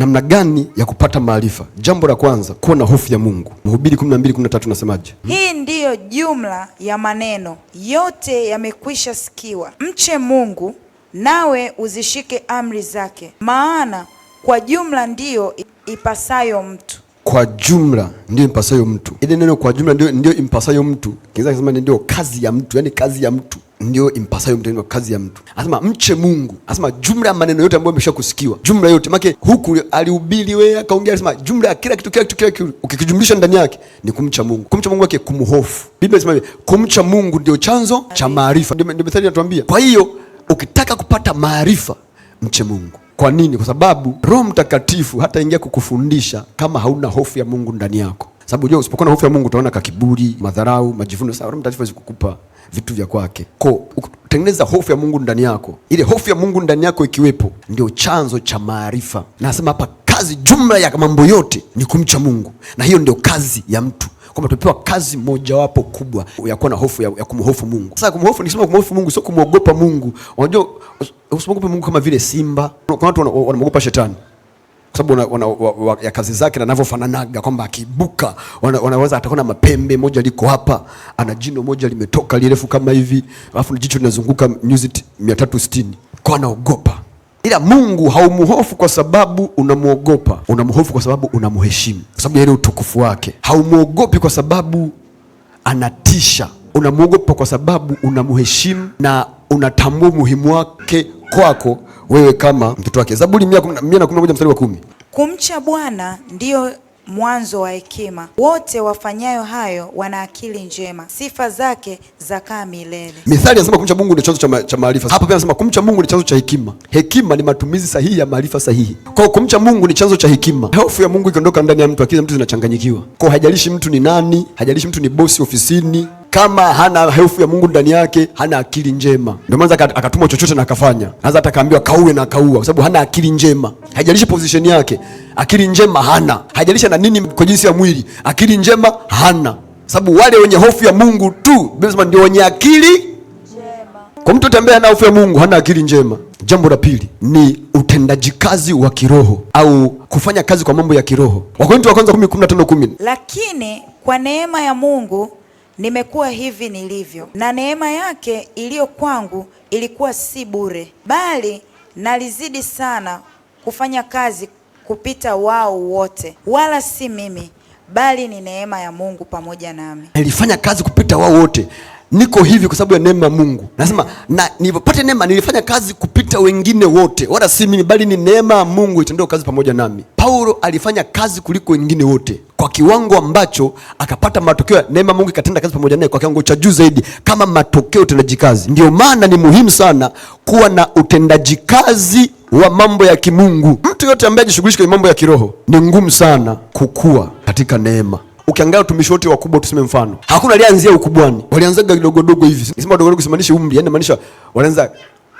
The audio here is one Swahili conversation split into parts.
Namna gani ya kupata maarifa? Jambo la kwanza, kuwa na hofu ya Mungu. Mhubiri 12:13 nasemaje? Hii ndiyo jumla ya maneno yote yamekwisha sikiwa, mche Mungu nawe uzishike amri zake, maana kwa jumla ndiyo ipasayo mtu kwa jumla ndio impasayo mtu. Ile neno kwa jumla ndio, ndio impasayo mtu. Kiingereza kusema ndio kazi ya mtu, yani kazi ya mtu ndio impasayo mtu, kazi ya mtu. Anasema mche Mungu, anasema jumla ya maneno yote ambayo amesha kusikiwa, jumla yote make huku alihubiri wewe, akaongea, anasema jumla ya kila kitu, kila kitu, kila kitu ukikijumlisha ndani yake ni kumcha Mungu. Kumcha Mungu yake kumhofu. Biblia inasema kumcha Mungu ndio chanzo cha maarifa, ndio Methali inatuambia. Kwa hiyo ukitaka kupata maarifa mche Mungu. Kwa nini? Kwa sababu Roho Mtakatifu hataingia kukufundisha kama hauna hofu ya Mungu ndani yako, sababu unajua, usipokuwa na hofu ya Mungu utaona kakiburi, madharau, majivuno. Sasa Roho Mtakatifu hawezi kukupa vitu vya kwake ko tengeneza hofu ya Mungu ndani yako. Ile hofu ya Mungu ndani yako ikiwepo, ndio chanzo cha maarifa. Nasema hapa kazi jumla ya mambo yote ni kumcha Mungu, na hiyo ndio kazi ya mtu kwamba tumepewa kazi mojawapo kubwa ya kuwa na hofu ya, ya kumhofu Mungu. Sasa kumhofu, nikisema kumhofu Mungu sio kumwogopa Mungu. Unajua usimwogope Mungu kama vile simba. Kuna watu wanamwogopa shetani kwa sababu ya kazi zake na anavyofananaga kwamba akibuka wanaweza atakuwa na mapembe moja liko hapa, ana jino moja limetoka lirefu kama hivi, alafu jicho linazunguka nyuzi 360 kwa anaogopa. Ila Mungu haumuhofu kwa sababu unamuogopa, unamuhofu kwa sababu unamheshimu, kwa sababu ya ile utukufu wake. Haumuogopi kwa sababu anatisha, unamuogopa kwa sababu unamheshimu na unatambua umuhimu wake kwako wewe kama mtoto wake. Zaburi 111 mstari wa kumi. Kumcha Bwana ndiyo mwanzo wa hekima, wote wafanyayo hayo wana akili njema, sifa zake zakaa milele. Mithali anasema kumcha Mungu ni chanzo cha maarifa. Hapa pia anasema kumcha Mungu ni chanzo cha hekima. Hekima ni matumizi sahihi ya maarifa sahihi. Kwa hiyo kumcha Mungu ni chanzo cha hekima. Hofu ya Mungu ikiondoka ndani ya mtu, akili ya mtu zinachanganyikiwa. Kwa hiyo hajalishi mtu ni nani, hajalishi mtu ni bosi ofisini kama hana hofu ya Mungu ndani yake, hana akili njema. Ndio maana akatumwa chochote na akafanya, hata atakaambiwa kauwe na kaua, kwa sababu hana akili njema. Haijalishi position yake, akili njema hana. Haijalishi na nini kwa jinsi ya mwili, akili njema hana, sababu wale wenye hofu ya Mungu tu ndio wenye akili njema. Kwa mtu tembea na hofu ya Mungu, hana akili njema. Jambo la pili ni utendaji kazi wa kiroho au kufanya kazi kwa mambo ya kiroho. Wakorintho wa kwanza 10:15 10, lakini kwa neema ya Mungu nimekuwa hivi nilivyo, na neema yake iliyo kwangu ilikuwa si bure, bali nalizidi sana kufanya kazi kupita wao wote, wala si mimi, bali ni neema ya Mungu pamoja nami. Nilifanya kazi kupita wao wote niko hivi kwa sababu ya neema Mungu. Nasema na nilipopata neema nilifanya kazi kupita wengine wote, wala si mimi, bali ni neema ya Mungu itendayo kazi pamoja nami. Paulo alifanya kazi kuliko wengine wote kwa kiwango ambacho akapata matokeo ya neema Mungu ikatenda kazi pamoja naye kwa kiwango cha juu zaidi, kama matokeo utendaji kazi. Ndio maana ni muhimu sana kuwa na utendaji kazi wa mambo ya kimungu. Mtu yote ambaye ajishughulishi kwenye mambo ya kiroho, ni ngumu sana kukua katika neema. Ukiangalia watumishi wote wakubwa, tuseme mfano, hakuna alianzia ukubwani, walianzaga kidogo dogo hivi. Nisema dogo dogo simaanishi umri, yani maanisha walianza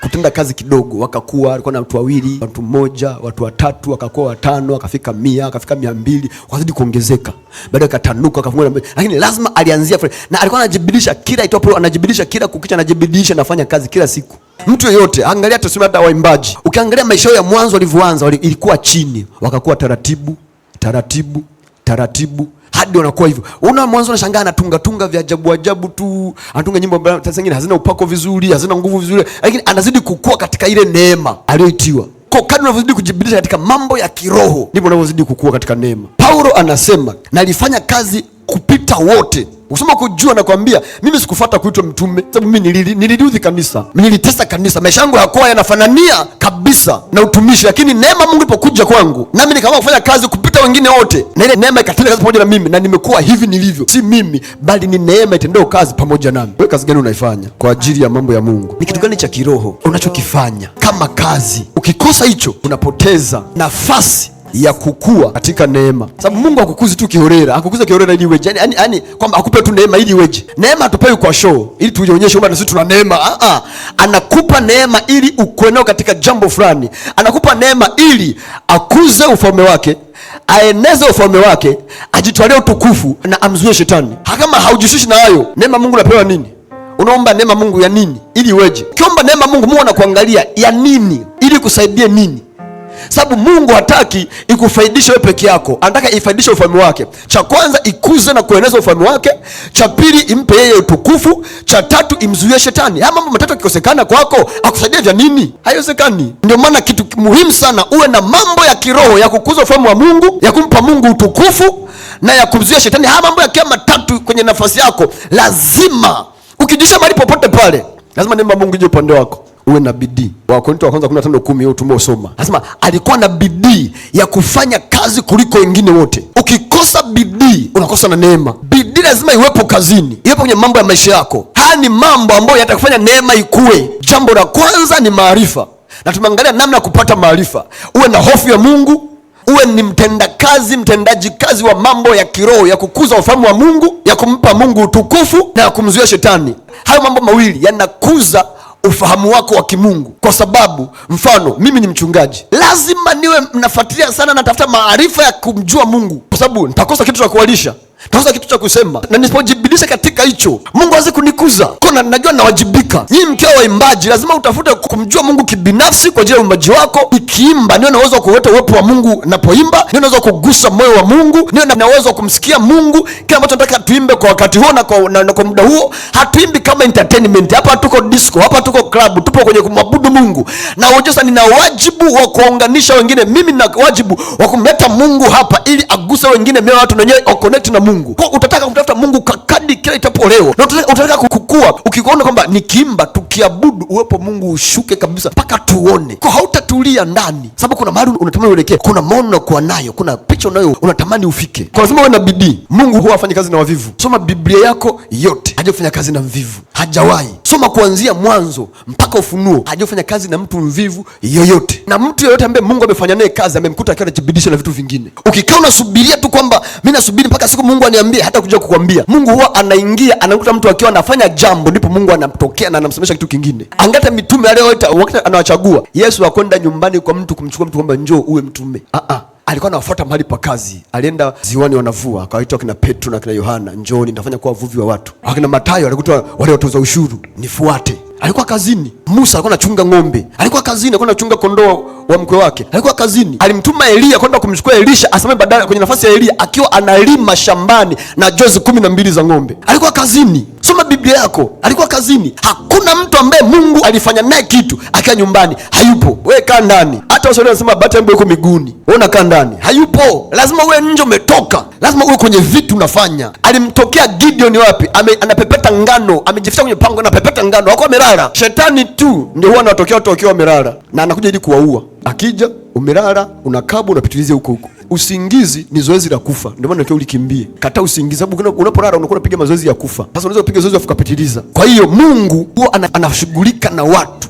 kutenda kazi kidogo, wakakuwa. alikuwa na watu wawili, watu mmoja, watu watatu, wakakuwa watano, wakafika mia, wakafika mia mbili, wakazidi kuongezeka, baadaye akatanuka, akafungua. Lakini lazima alianzia na alikuwa anajibidisha kila itopo, anajibidisha kila kukicha, anajibidisha nafanya kazi kila siku. Mtu yeyote angalia, tuseme hata waimbaji, ukiangalia maisha yao ya mwanzo walivyoanza, ilikuwa chini, wakakuwa taratibu taratibu taratibu hadi wanakuwa hivyo. Una mwanzo unashangaa anatunga tunga vya ajabu ajabu tu, anatunga nyimbo ambazo zingine hazina upako vizuri, hazina nguvu vizuri, lakini anazidi kukua katika ile neema aliyoitiwa. Kwa kadri unavyozidi kujibidisha katika mambo ya kiroho, ndipo unavyozidi kukua katika neema. Paulo anasema nalifanya kazi kupita wote. Ukisema kujua, nakwambia mimi sikufuata kuitwa mtume, sababu mimi nililiudhi kanisa, nilitesa kanisa, maisha yangu yakuwa yanafanania kabisa na utumishi, lakini neema Mungu ilipokuja kwangu, nami nikaanza kufanya kazi kupita wengine wote, na ile neema ikatenda kazi pamoja na mimi, na nimekuwa hivi nilivyo, si mimi bali ni neema itendeo kazi pamoja nami. Wewe kazi gani unaifanya kwa ajili ya mambo ya Mungu? Ni kitu gani cha kiroho unachokifanya kama kazi? Ukikosa hicho, unapoteza nafasi ya kukua katika neema, sababu Mungu akukuzi tu kiholela, hakukuza kiholela ili uweje, yani yani yani kwamba akupe tu neema ili uweje. Neema hatupewi kwa show ili tujionyeshe kwamba sisi tuna neema. Ah ah, anakupa neema ili ukweneo katika jambo fulani, anakupa neema ili akuze ufalme wake aeneze ufalme wake, ajitwalie utukufu na amzuie shetani. Kama haujihusishi na hayo neema, Mungu napewa nini? Unaomba neema Mungu ya nini? Ili iweje? Ukiomba neema Mungu, Mungu anakuangalia ya nini, ili kusaidie nini? sababu Mungu hataki ikufaidishe wewe peke yako, anataka ifaidishe ufalme wake. Cha kwanza ikuze na kueneza ufalme wake, cha pili impe yeye utukufu, cha tatu imzuie shetani. Haya mambo matatu yakikosekana kwako, akusaidia vya nini? Haiwezekani. Ndio maana kitu muhimu sana uwe na mambo ya kiroho ya kukuza ufalme wa Mungu, ya kumpa Mungu utukufu na ya kumzuia shetani. Haya mambo yakiwa matatu kwenye nafasi yako, lazima ukijisha mahali popote pale, lazima neema Mungu ije upande wako uwe na bidii. Wakorintho wa kwanza 15:10, tumeosoma anasema alikuwa na bidii ya kufanya kazi kuliko wengine wote. Ukikosa bidii unakosa na neema. Bidii lazima iwepo kazini, iwepo kwenye mambo ya maisha yako. Haya ni mambo ambayo yatakufanya neema ikue. Jambo la kwanza ni maarifa, na tumeangalia namna ya kupata maarifa. Uwe na hofu ya Mungu, uwe ni mtendakazi mtendaji kazi wa mambo ya kiroho ya kukuza ufahamu wa Mungu, ya kumpa Mungu utukufu na ya kumzuia shetani. Hayo mambo mawili yanakuza ufahamu wako wa kimungu, kwa sababu mfano mimi ni mchungaji, lazima niwe nafuatilia sana, natafuta maarifa ya kumjua Mungu, kwa sababu nitakosa kitu cha kuwalisha Tafuta kitu cha kusema, na nisipojibilisha katika hicho, Mungu hawezi kunikuza kona. Najua nawajibika. Nyinyi mkiwa waimbaji, lazima utafute kumjua Mungu kibinafsi kwa ajili ya uimbaji wako. Nikiimba niwe wa kuleta uwepo wa Mungu napoimba, niwe wa kugusa moyo wa Mungu, niwe wa kumsikia Mungu kile ambacho nataka tuimbe kwa wakati huo na kwa, na, na kwa muda huo. Hatuimbi kama entertainment. Hapa tuko disco, hapa tuko club, tupo kwenye kumwabudu Mungu. Na ujesa, nina wajibu wa kuwaunganisha wengine. Mimi nina wajibu wa kumleta Mungu hapa ili aguse wengine, mioyo watu wenyewe connect na Mungu. Mungu kwa utataka kumtafuta Mungu kakadi kila itapo leo, na utataka kukua ukikuona kwamba nikiimba tu ukiabudu uwepo Mungu ushuke kabisa mpaka tuone kwa, hautatulia ndani sababu kuna mahali unatamani uelekee, kuna maono unakuwa nayo, kuna picha unayo unatamani ufike. Kwa lazima uwe na bidii. Mungu huwa hafanyi kazi na wavivu. Soma Biblia yako yote, haja kufanya kazi na mvivu, hajawahi. Soma kuanzia Mwanzo mpaka Ufunuo, haja kufanya kazi na mtu mvivu yoyote. Na mtu yoyote ambaye Mungu amefanya naye kazi amemkuta akiwa anajibidisha na vitu vingine. Ukikaa unasubiria tu kwamba mi nasubiri mpaka siku Mungu aniambie, hata kuja kukwambia. Mungu huwa anaingia, anakuta mtu akiwa anafanya jambo, ndipo Mungu anamtokea na anamsemesha kitu kitu kingine. Ah. Angata mitume aliyoita wakati anawachagua Yesu akwenda nyumbani kwa mtu kumchukua mtu kwamba njoo uwe mtume ah -ah. Alikuwa anawafuata mahali pa kazi, alienda ziwani wanavua, akawaita wakina Petro na kina Yohana, njooni nitafanya kuwa wavuvi wa watu. Wakina Matayo alikuta wale watoza ushuru, nifuate. Alikuwa kazini. Musa alikuwa anachunga ng'ombe, alikuwa kazini, alikuwa anachunga kondoo wa mkwe wake, alikuwa kazini. Alimtuma Eliya kwenda kumchukua Elisha aseme badala kwenye nafasi ya Elia akiwa analima shambani na jozi kumi na mbili za ng'ombe, alikuwa kazini. Soma Biblia yako. Alikuwa kazini, hakuna mtu ambaye Mungu alifanya naye kitu akiwa nyumbani, hayupo. Wewe kaa ndani, hata washauri wanasema bata mbaya uko miguuni, wewe unakaa ndani, hayupo. Lazima uwe nje, umetoka, lazima uwe kwenye vitu unafanya. Alimtokea Gideon wapi? Ame, anapepeta ngano, amejificha kwenye pango, anapepeta ngano, wako amelala. Shetani tu ndio huwa anatokea wakiwa wamelala na anakuja ili kuwaua. Akija umelala, unakabwa, unapitiliza huko huko usingizi ni zoezi la kufa, ndio maana unatakiwa ulikimbie. kata usingizi, sababu unapolala unakuwa unapiga mazoezi ya kufa. Sasa unaweza kupiga zoezi ukapitiliza. Kwa hiyo Mungu huwa anashughulika na watu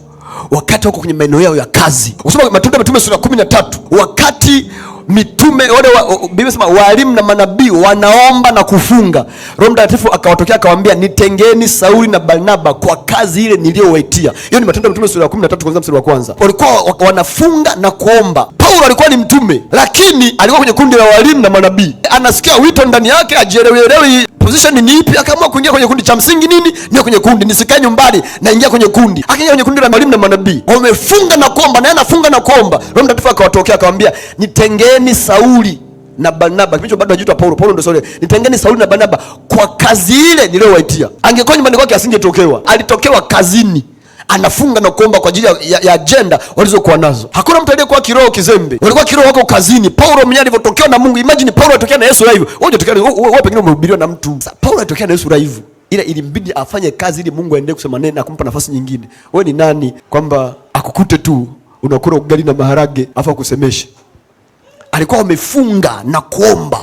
wakati wako kwenye maeneo yao ya kazi. Usoma Matendo ya Mitume sura kumi na tatu wakati mitume wale wa, Biblia sema walimu na manabii wanaomba na kufunga. Roho Mtakatifu akawatokea akawaambia, nitengeni Sauli na Barnaba kwa kazi ile niliyowaitia. Hiyo ni Matendo ya Mitume sura ya 13 kuanzia mstari wa kwanza. Walikuwa wanafunga na kuomba. Paulo alikuwa ni mtume, lakini alikuwa kwenye kundi la walimu na manabii, anasikia wito ndani yake, ajielewielewi position ni ipi? Akaamua kuingia kwenye kundi cha msingi nini, ndio kwenye kundi, nisikae nyumbani, naingia kwenye kundi. Akaingia kwenye kundi la mwalimu na manabii, wamefunga na kuomba, naye anafunga na kuomba. Roho Mtakatifu akawatokea akamwambia, nitengeni Sauli na Barnaba, kipicho bado hajitwa Paulo. Paulo ndio Sauli. Nitengeni Sauli na Barnaba kwa kazi ile niliyowaitia. Angekuwa nyumbani kwake asingetokewa, alitokewa kazini anafunga na kuomba kwa ajili ya, ya ajenda walizokuwa nazo. Hakuna mtu aliyekuwa kiroho kizembe, walikuwa kiroho wako kazini. Paulo mwenyewe alivyotokewa na Mungu, imagine Paulo alitokea na Yesu live, wewe unatokea wewe, pengine umehubiriwa na mtu. Paulo alitokea na Yesu live, ila ilimbidi afanye kazi ili Mungu aendelee kusema neno na kumpa nafasi nyingine. Wewe ni nani kwamba akukute tu unakula ugali na maharage afa kusemesha? Alikuwa amefunga na kuomba.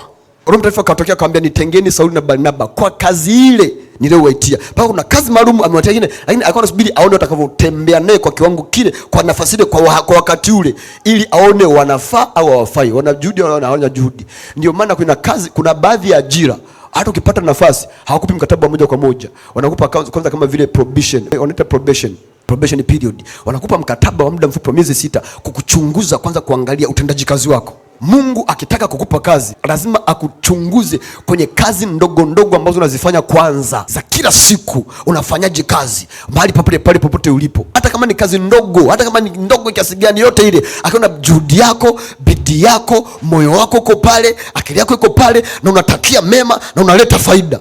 Roho Mtakatifu akatokea akamwambia, nitengeni Sauli na Barnaba kwa kazi ile niliyowaitia. Paka kuna kazi maalum amewatia nyingine, lakini alikuwa anasubiri aone watakavyotembea naye kwa kiwango kile, kwa nafasi ile, kwa, kwa wakati ule, ili aone wanafaa au hawafai, wana juhudi au hawana juhudi. Ndio maana kuna kazi, kuna baadhi ya ajira hata ukipata nafasi hawakupi mkataba moja kwa moja, wanakupa kwanza kama vile probation, wanaita probation probation period, wanakupa mkataba wa muda mfupi wa miezi sita kukuchunguza kwanza, kuangalia utendaji kazi wako Mungu akitaka kukupa kazi lazima akuchunguze kwenye kazi ndogo ndogo ambazo unazifanya kwanza, za kila siku. Unafanyaje kazi mahali popote pale, popote ulipo, hata kama ni kazi ndogo, hata kama ni ndogo kiasi gani, yote ile, akiona juhudi yako, bidii yako, moyo wako uko pale, akili yako iko pale, na unatakia mema na unaleta faida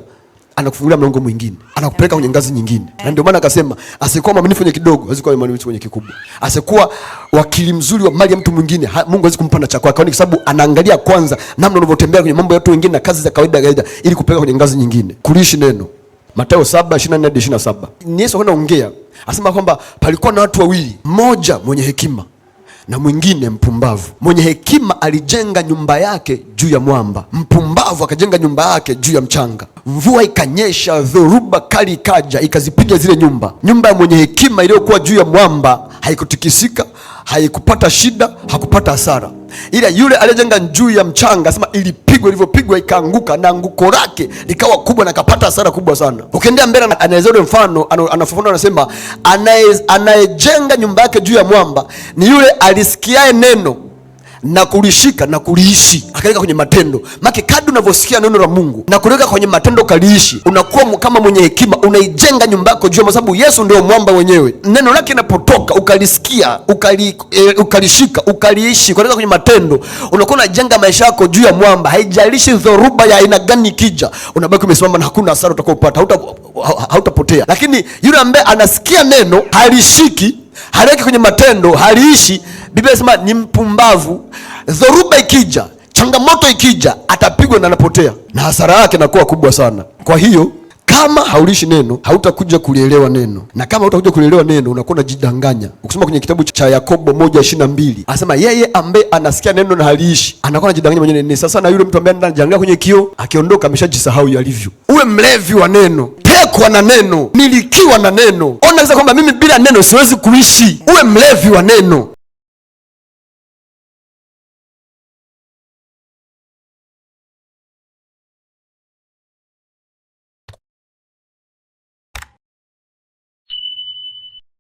anakufungulia mlango mwingine, anakupeleka kwenye ngazi nyingine. Na ndio maana akasema asikuwa mwaminifu kwenye kidogo, hawezi kuwa mwaminifu kwenye kikubwa. Asikuwa wakili mzuri wa mali ya mtu mwingine, Mungu hawezi kumpa na cha kwake, kwa sababu anaangalia kwanza namna unavyotembea kwenye mambo ya watu wengine na kazi za kawaida kawaida, ili kupeleka kwenye ngazi nyingine, kulishi neno. Mateo 7:24 hadi 27. Yesu anaongea, asema kwamba palikuwa na watu wawili, mmoja mwenye hekima na mwingine mpumbavu. Mwenye hekima alijenga nyumba yake juu ya mwamba, mpumbavu akajenga nyumba yake juu ya mchanga. Mvua ikanyesha, dhoruba kali ikaja, ikazipiga zile nyumba. Nyumba ya mwenye hekima iliyokuwa juu ya mwamba haikutikisika, haikupata shida, hakupata hasara ila yule aliyejenga juu ya mchanga sema ilipigwa, ilivyopigwa ikaanguka, na anguko lake likawa kubwa na akapata hasara kubwa sana. Ukiendea mbele, anaeleza ule mfano, anafafanua anasema, anayejenga nyumba yake juu ya mwamba ni yule alisikiae neno na kulishika na kuliishi, akaweka kwenye matendo Maki Kadri unavyosikia neno la Mungu na kuliweka kwenye matendo, kaliishi, unakuwa kama mwenye hekima, unaijenga nyumba yako juu, kwa sababu Yesu ndio mwamba wenyewe. Neno lake linapotoka ukalisikia, ukali, e, ukalishika, ukaliishi, ukaliweka kwenye matendo, unakuwa unajenga maisha yako juu ya mwamba. Haijalishi dhoruba ya aina gani ikija, unabaki umesimama na hakuna hasara utakayopata, hautapotea hauta. Lakini yule ambaye anasikia neno halishiki, haliweki kwenye matendo, haliishi Biblia inasema ni mpumbavu. Dhoruba ikija, changamoto ikija, atapigwa na anapotea, na hasara yake inakuwa kubwa sana. Kwa hiyo kama haulishi neno hautakuja kulielewa neno, na kama hautakuja kulielewa neno unakuwa unajidanganya. Ukisoma kwenye kitabu cha Yakobo moja ishirini na mbili anasema yeye ambaye anasikia neno na haliishi anakuwa anajidanganya mwenyewe. Ni sasa na yule mtu ambaye anajiangalia kwenye kio, akiondoka ameshajisahau yalivyo. Uwe mlevi wa neno, tekwa na neno, milikiwa na neno, ona kwamba mimi bila neno siwezi kuishi. Uwe mlevi wa neno.